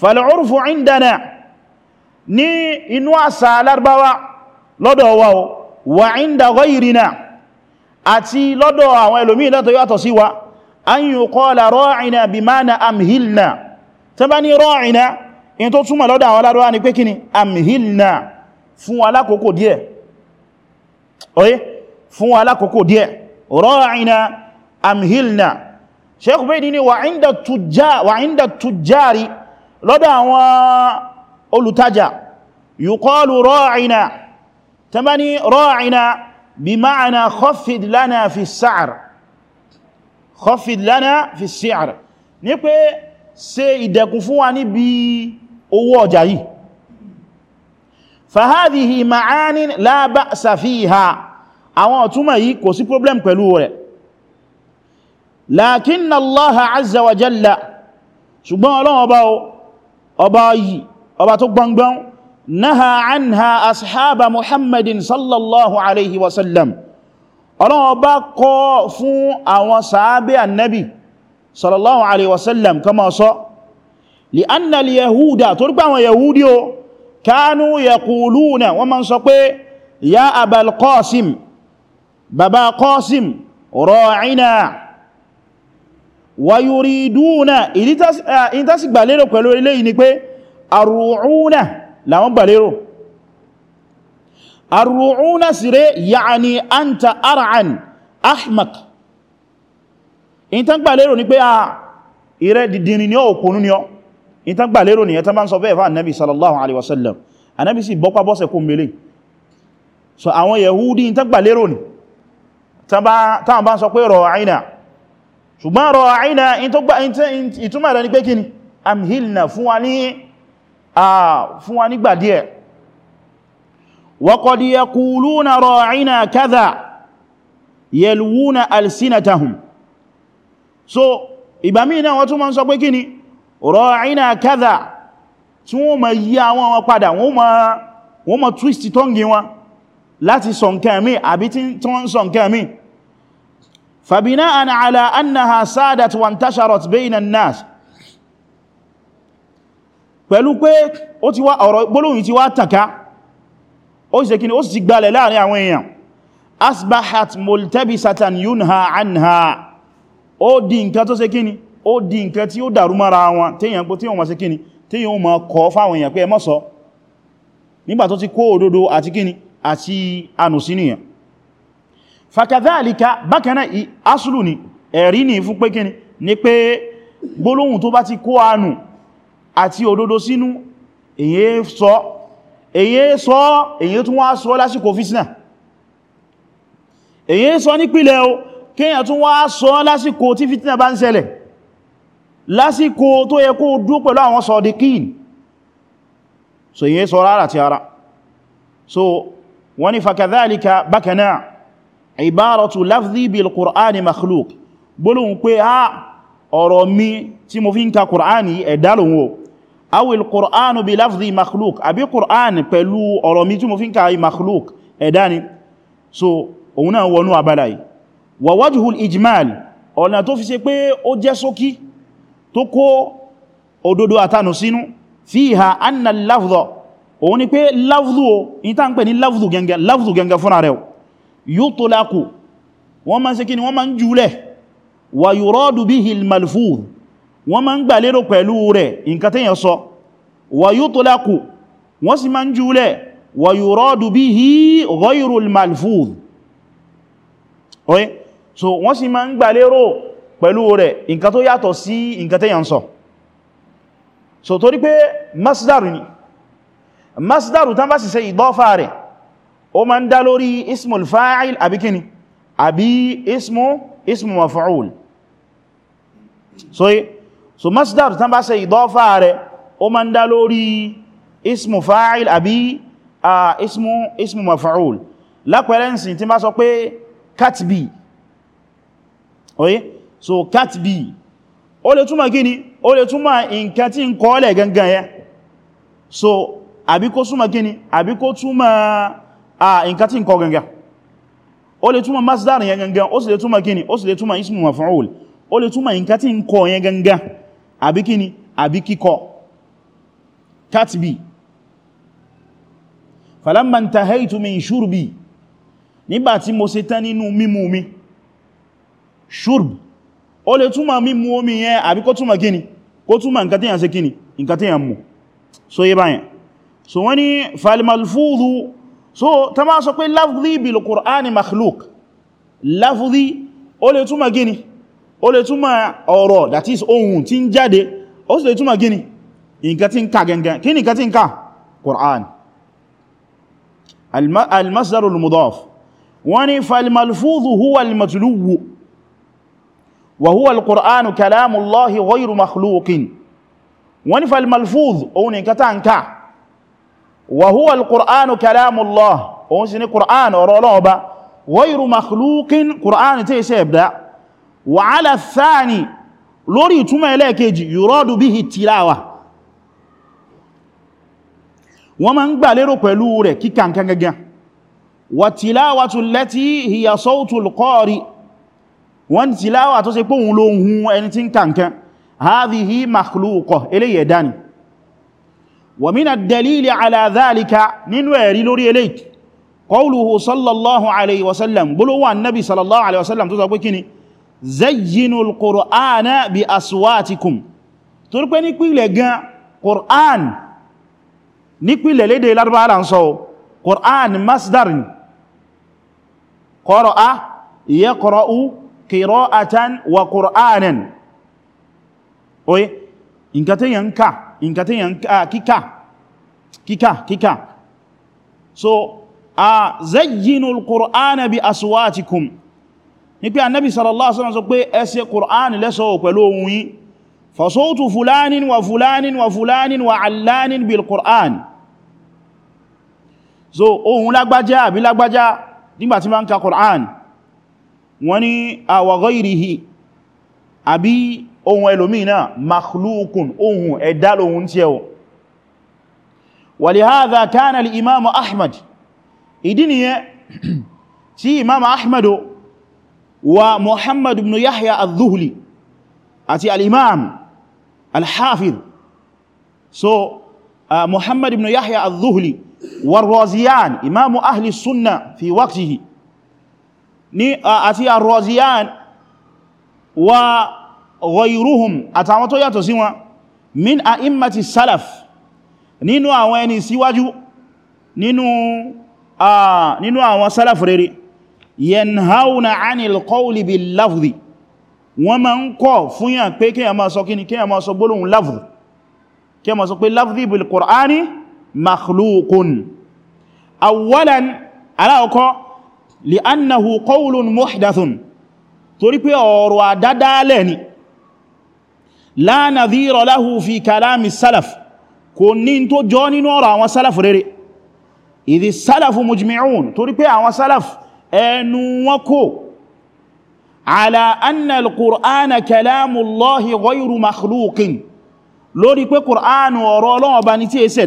fal'urfu indana ní inú àṣà larbawa lọ́dọ̀ wa wa inda ghayrina àti lọ́dọ̀ àwọn ẹlòmí náà yàtọ̀ sí wa an yuqala ra'ina bimana amhilna tí bá ní ra'ina in tó túnmọ̀ lọ́dọ̀ àwọn aládọ́wà ni pé kíni amhilna fún wa lákòókò díẹ̀ oye fún wa lákòókò díẹ̀ ra'ina amhilna sheikh bẹ́ẹ̀dì ni wà inda tujjari lọ́dọ̀ àwọn olùtajà yuqalu ra'ina tamani ra'ina bi ma'ana khaffid lana fi sa'ar khaffid lana fi sa'ar ní pé ṣe ìdẹ̀kùn fún wa níbi owó ọjà yìí fàhádìí ma'áni la ba'sa fiha àwọn ọ̀túnmà yìí kò sí problem pẹ̀lú rẹ̀ lakinna Allaha azza wa jalla ṣùgbọ́n ọlọ́wọ́ ọba ọba yìí ọba tó gbọngbọn náà anha ashaba muhammadin sallallahu alaihi wasallam ọlọ́wọ́ ọba kọ̀ fún àwọn sàábẹ́ annabi sallallahu alaihi wasallam kama sọ li anna al yahuda torí pé àwọn yahudi o kanu yaquluna wọ́n máa ń sọ pé ya abal qasim baba qasim ra'ina wa yuriduna in ta si gbalero pẹ̀lú eléyìí ni pé arru'una làwọn gbalero arru'una sire ya'ni anta ar'an ahmaq in ta ni pé a ire didini ni o òpònú ni o in tán gbà lérò nìyẹn tán bá ń sọ bẹ́ẹ̀ fà annabi sallallahu alaihi wasallam annabi sì bọ́pá bọ́sẹ̀ kún mele so àwọn yahudi in tán gbà lérò ní tán bá ń sọ pé rọ̀ àìnà ṣùgbọ́n rọ̀ àìnà ìtumọ̀ rẹ̀ ní pé kíni amhilna fún wa ní gbà díẹ̀ wa qad yaquluna ra'ina kadha yalwuna alsinatahum so ìgbàmí náà wọ́n tún máa ń sọ pé kíni ra'ina kadha tí wọ́n ma yí àwọn wọn padà wọ́n ma twist tongue wọn láti sọ mi àbí tí wọ́n sọ nǹkan mi فبناء على أنها سادت وانتشرت بين الناس pẹ̀lú pé ó ti wá ọ̀rọ̀ gbólóhùn ti wá tànká ó sì kí ni ó sì ti gbalẹ̀ láàrin àwọn èèyàn asbahat multabisatan yunha anha ó di nǹkan tó ṣe ó di nǹkan tí ó dàrú mọ́ra wọn téèyàn pé téèyàn máa ṣe kíni téèyàn máa kọ́ fáwọn èèyàn pé ẹ má sọ nígbà tó ti kó òdodo àti kíni àti anùsínìyàn fakadhalika bákanáà asùlù ni ẹ̀rí ni fún pé kíni ni pé gbólóhùn tó bá ti kó anù àti òdodo sínú èyí sọ èyí sọ èyí tún wá sọ lásìkò fìtínà èyí sọ ń ṣẹlẹ̀ lásìkò tó yẹ kó dú pẹ̀lú àwọn sọ̀dìkín so yẹ sọ rárá ti ara so wọ́n ni fakadhalika bákaná ìbáratu lafzi bil qur'ani makhluk gbólóhùn pé ha ọ̀rọ̀ mi tí mo fi ń ka qur'ani ẹ̀dá lòun o awil qur'anu bi lafzi makhluk àbí qur'an pẹ̀lú ọ̀rọ̀ mi tí mo fi ń ka makhluk ẹ̀dá ni so òun náà wọnú abala wa wajhul ijmal ọ̀nà tó fi ṣe pé ó jẹ́ sókí tó kó òdodo àtànù sínú fiha anna lafdọ̀ òun ni pé lafdọ̀ o in ta ń pè ní lafdọ̀ gẹngẹ lafdọ̀ gẹngẹ fúnra rẹ̀ yutlaqu wọ́n ma ń ṣe kí ni wọ́n ma ń jùlẹ̀ wa yuradu bihi al-malfudh wọ́n ma ń gbà lérò pẹ̀lú rẹ̀ so wọ́n sì ma ń gbà lérò pẹ̀lú rẹ̀ nǹkan tó yàtọ̀ sí nǹkan tẹ́yàn sọ so torí pé masdaru ni masdaru tán bá sì ṣe ìdọ́fà rẹ̀ ó ma ń dá lórí ismul fa'il àbí kíni àbí ismu ismu maf'ul so, eh, so masdaru tán bá ṣe ìdọ́fà rẹ̀ ó ma ń dá lórí ismu fa'il àbí uh, ismu ismu maf'ul lápẹ̀rẹ́nsì tí bá sọ pé katbi oye okay? so cat katbi ó lè túmọ̀ kíni ó lè túmọ̀ nǹkan tí ń kọ́ọ̀lẹ̀ gangan ya. so àbí tuma kini kíni àbí kó túmọ̀ nǹkan tí ń kọ́ gangan ó lè túmọ̀ masdar yẹn gangan ó sì lè túmọ̀ kíni ó sì lè túmọ̀ ismu maf'ul ó lè túmọ̀ nǹkan tí ń kọ́ yẹn gangan àbí kíni àbí kíkọ́ katbi falamma intahaytu min shurbi nígbàtí mo ṣe tán nínú mímu mi shurbi ó lè túmọ̀ mímu omi yẹn àbí kó túmọ̀ gíní kó túmọ̀ nǹkan tíyàn ṣe kíní nǹkan tíyàn mú so yé báyẹn so wọ́n ni falmalfúdhu so ta máa sọ pé lafzi bil Qur'ani makhluk lafzi ó lè túmọ̀ gíní ó lè túmọ̀ ọ̀rọ̀ that is ohun tí ń jáde ó sì lè túmọ̀ gíní nǹkan tí ń ka gangan kí ni nǹkan tí ń ka وهو القرآن كلام الله غير مخلوق ونفى الملفوظ أون كتانكا وهو القرآن كلام الله أون سنة قرآن ورولوبة غير مخلوق قرآن تيسيبدا وعلى الثاني لوري توما إليكيج يراد به التلاوة وما نقبع ليرو pẹ̀lú rẹ̀ kíkànkan gangan والتلاوة التي هي صوت القارئ wọ́n ti láwà tó ṣe pòun ló hun ẹni tí ń kànkan hadhihi makhluqa eléyìí ẹ̀dá ni wa min ad-dalili ala dhalika nínú ẹ̀rí lórí eléyìí qawluhu sallallahu alaihi wasallam gbólówó annabi sallallahu alaihi wasallam tó sọ kíni zayyinu al bi aswatikum torí pé nípìlẹ̀ gan qur'an nípìlẹ̀ lédè lárúbára ń sọ qur'an masdar ni qara'a yaqra'u qira'atan wa qur'anan oye nǹkan tí yẹn ń kà nǹkan tí yẹn ń kà kíkà kíkà kíkà so a zayyinul qur'ana bi aswatikum ní pé annabi sallallahu alaihi wasallam sọ pé ẹ ṣe qur'an lẹ́ṣọ́ pẹ̀lú ohùn yín fa fulanin wa fulanin wa fulanin wa allanin bil qur'an so ohùn lágbájá àbí lágbájá nígbàtí ma ń ka qur'an wọ́n ní wa ghayrihi àbí ohun ẹlòmínà makhlukun ohun ẹ̀dá lóhun tí ẹwọ wa lihadha kana al-imam ahmad ìdí niyẹ tí imam ahmad wa muhammad ibn yahya al-dhuhli àti al-imam al-hafidh so uh, muhammad ibn yahya al-dhuhli wa ar-raziyan imam ahli sunnah fi waqtihi ní àti ar-Raziyan wa ghayruhum àtàwọn tó yàtọ̀ sí wọn min a'immati salaf nínú àwọn ẹni síwájú nínú nínú àwọn salaf rere yanhauna 'anil qawli bil lafzi wọ́n ma ń kọ́ fún yàn pé kí a máa sọ kíni kí a máa sọ gbólóhùn lafzi kí a máa sọ pé lafzi bil qur'ani makhluqun awwalan aláàkọ́ li'annahu qawlun muhdathun torí pé ọ̀rọ̀ àdádálẹ̀ ni la nadhira lahu fi kalami salaf kò ní tó jọ nínú ọ̀rọ̀ àwọn salaf rere ìdí salafu mujmi'un torí pé àwọn salaf ẹnu wọn kò ala anna al-qur'ana kalamullahi ghayru makhluqin lórí pé qur'anu ọ̀rọ̀ Ọlọ́run ọba ni tí è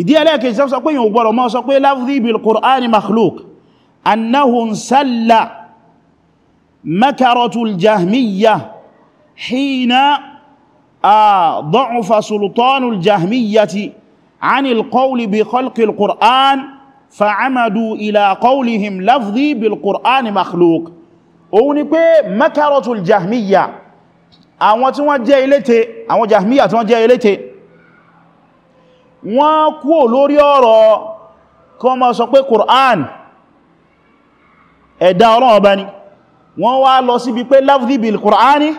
ìdí ẹlẹ́ẹ̀kejì sọ pé yíò gbọ́rọ̀ mọ́ sọ pé láfúrí bil Qur'ani makhluk annahun salla makaratul jahmiya hina a da'ufa sultanul jahmiyati anil qawli bi khalqil Qur'an fa'amadu ila qawlihim láfúrí bil Qur'ani makhluk òun ni pé makaratul jahmiya àwọn tí wọ́n jẹ́ iléte wọ́n kúò lórí ọ̀rọ̀ kan ma sọ pé Qur'an ẹ̀dá Ọlọ́run Ọba ni wọ́n wá lọ síbi pé lafzi bil Qur'ani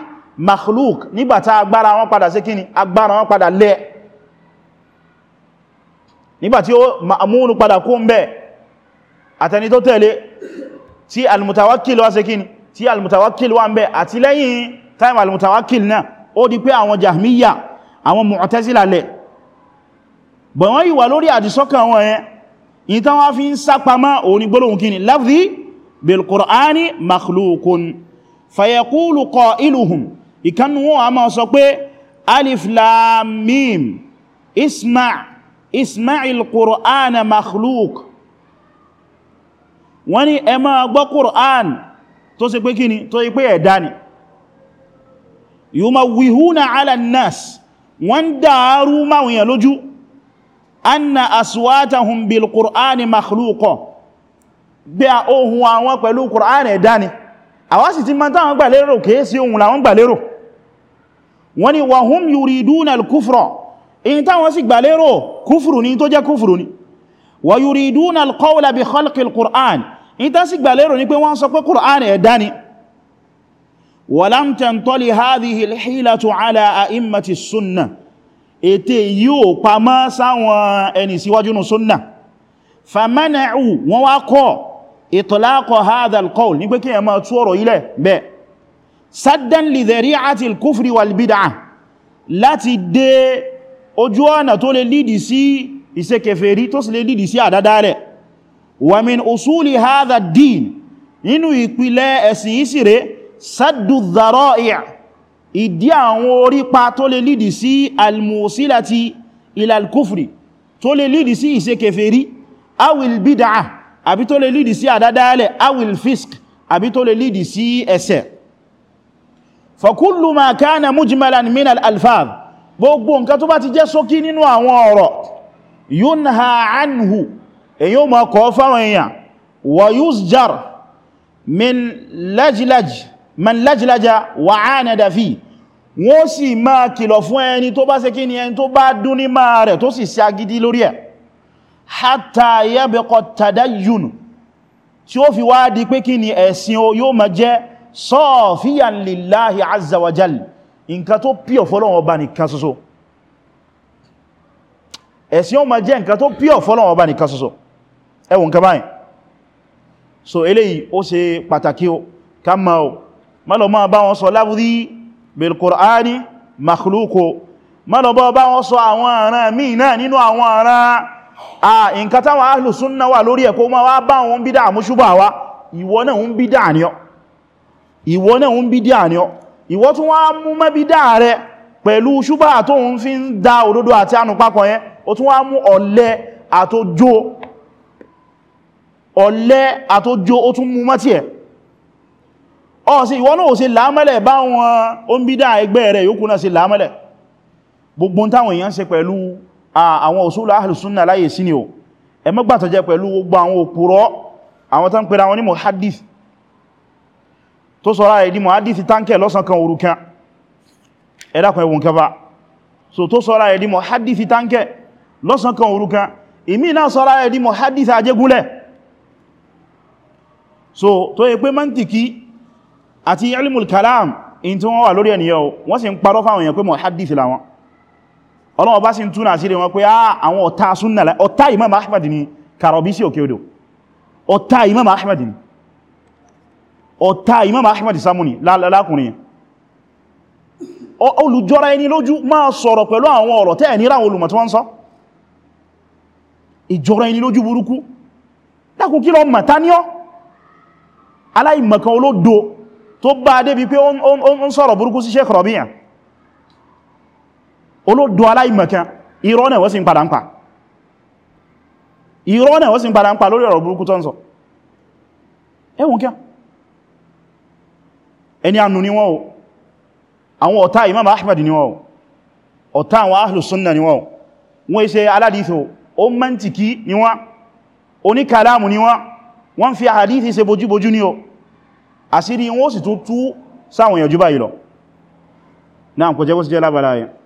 makhluk nígbàtá agbára wọn padà sí kíni agbára wọn padà lẹ́ e. nígbàtí ó ma'amúnu padà kó ń àtẹni tó tẹ̀lé tí almutawakkil wá sí kíni tí almutawakkil wá ń àti lẹ́yìn time almutawakkil náà ó di pé àwọn jahmiya àwọn mu'tazila lẹ́ bọ̀ wọ́n yìí wà lórí àdìsọ́kàn wọn yẹn in tán wá fi ń sápamá òní gbólóhùn kíni lafzi bil qur'ani makhlukun fayaqulu qailuhum ìkannú wọn a máa sọ pé alif lam isma isma'il qur'ana makhluk wọ́n ní ẹ máa gbọ́ qur'an tó ṣe pé kíni tó ṣe pé ẹ̀dá ni yumawwihuna ala an-nas wọ́n dáárú máwùyàn lójú anna aswatahum bil qur'ani makhluqa bí a ohùn àwọn pẹ̀lú qur'ani ẹ̀dá ni àwa sì ti man ta wọ́n gbà lérò ke si ohùn la wọ́n gbà lérò wọ́n ní wa hum yuriduna al kufra in ta wọ́n sì gbà lérò kufru ni tó jẹ́ kufru ni wa yuriduna al qawla bi khalqi al qur'an in ta sì gbà lérò ni pé wọ́n sọ pé qur'ani ẹ̀dá wa lam tantali hadhihi al hilatu ala a'immati sunnah ètè yíò pamọ́ sáwọn ẹni síwájú nù súnnà famana'u wọn wá kọ́ ìtọ̀lákọ̀ hadhal qawl ní pé kí ẹ máa tú ọ̀rọ̀ ilẹ̀ bẹ́ saddan li dhari'ati al-kufri wal-bid'ah láti dé ojú ọ̀nà tó lè lìdì sí ìṣekèfèrí tó sì lè lìdì sí àdádálẹ̀ nínú ìpìlẹ̀ ẹ̀sìn ìsìrẹ́ saddu dhara'i' ìdí àwọn orípa tó lè lìdì sí almusilati ilalkufri tó lè lìdì sí ìsekèfèrí awil bid'a àbí tó lè lìdì sí àdádálẹ̀ awil fisk àbí tó lè lìdì sí ẹ̀ṣẹ̀ fakullu ma kana mujmalan min al-alfaz gbogbo nǹkan tó bá ti jẹ́ ṣókí nínú àwọn ọ̀rọ̀ yunha anhu èyí ma kọ́ fáwọn èèyàn wa yusjar min lajlaj man lajlaja wa ánàdà fi wọ́n sì máa kìlọ̀ fún ẹni tó bá ṣe kí ni ẹni tó bá dún ní máa rẹ̀ tó sì sí agidi lórí ẹ̀ hatta yabqa tadayyun tí ó fi wá di pé kí ni ẹ̀sìn o yóò máa jẹ́ safiyan lillahi azza wa jal nǹkan tó pure fọ́lọ́run ọba nìkan ṣoṣo ẹ̀sìn ó máa jẹ́ nǹkan tó pure fọ́lọ́run ọba nìkan ṣoṣo ẹwùn kan báyìí so eléyìí ó ṣe pàtàkì o ká máa má lọ máa bá wọn sọ láwúrí bilkùránì makhlúkò má lọ bá wọn sọ àwọn àrán míì náà nínú àwọn àrán à nǹkan táwọn ahlùsúnnà wà lórí ẹ̀kọ́ ma wá bá wọn bídá àmúṣúbà wá ìwọ náà ń bídá àníọ́ ìwọ náà ń bídá àníọ́ ìwọ tún wá mú mẹ́ bídá rẹ ó tún mú mọ́tí ẹ̀ ọ̀sí ìwọ náà ṣe lámẹ́lẹ̀ bá wọn ombídá ẹgbẹ́ rẹ̀ yóò náà ṣe lámẹ́lẹ̀ gbogbo táwọn èèyàn ṣe pẹ̀lú àwọn òṣùlù ahlùsúnnà láyé sí ni o ẹ má gbà tó jẹ́ pẹ̀lú gbogbo àwọn òpùrọ́ àwọn tán pẹ̀lú àwọn ní mohadith tó sọ́rọ̀ ẹ̀dí mohadith tánkẹ̀ lọ́sàn so tó sọ́rọ̀ ẹ̀dí mohadith tánkẹ̀ lọ́sàn kan òru kan ìmí náà sọ́rọ̀ ẹ̀dí mohadith ajégúnlẹ̀ so tó yẹ pé mọ́ntìkì àti ilmul kalam in tí wọ́n wà lórí ẹniyàn wọ́n sì ń parọ́ fáwọn èèyàn pé muhaddith làwọn ọlọ́wọ́ bá sì ń túnà sí wọn pé àwọn ọ̀tá súnnà ọ̀tá imam ahmad ni karobisi òkè odò ọ̀tá imam ahmad ni ọ̀tá imam ahmad samuni lákùnrin olùjọ́ra ẹni lójú máa sọ̀rọ̀ pẹ̀lú àwọn ọ̀rọ̀ tẹ́ẹ̀ ní ráwọn olùmọ̀ tí wọ́n sọ ìjọra ẹni lójú burúkú dákùn lọ mọ̀ táníọ́ aláìmọ̀kan olódo tó bá débi pé ó ń sọ̀rọ̀ burúkú sí Sheikh Rabi'a olódò aláìmọ̀kan irọ́ náà wọ́n sì ń padà ń pa irọ́ náà wọ́n sì ń padà ń pa lórí ọ̀rọ̀ burúkú tó ń sọ ẹwùn kí ẹni ànú ni wọ́n o àwọn ọ̀tá Imam Ahmad ni wọ́n o ọ̀tá àwọn ahlu ni wọ́n o wọ́n ṣe aládìíso o mẹ́ntìkí ni wọ́n oníkàlámù ni wọ́n wọ́n fi àdíìsì bojúbojú ni o àṣírí wọn sì tún tú sáwọn èèyàn jù báyìí lọ náà kò jẹ́ bó sì jẹ́ lábàláyìn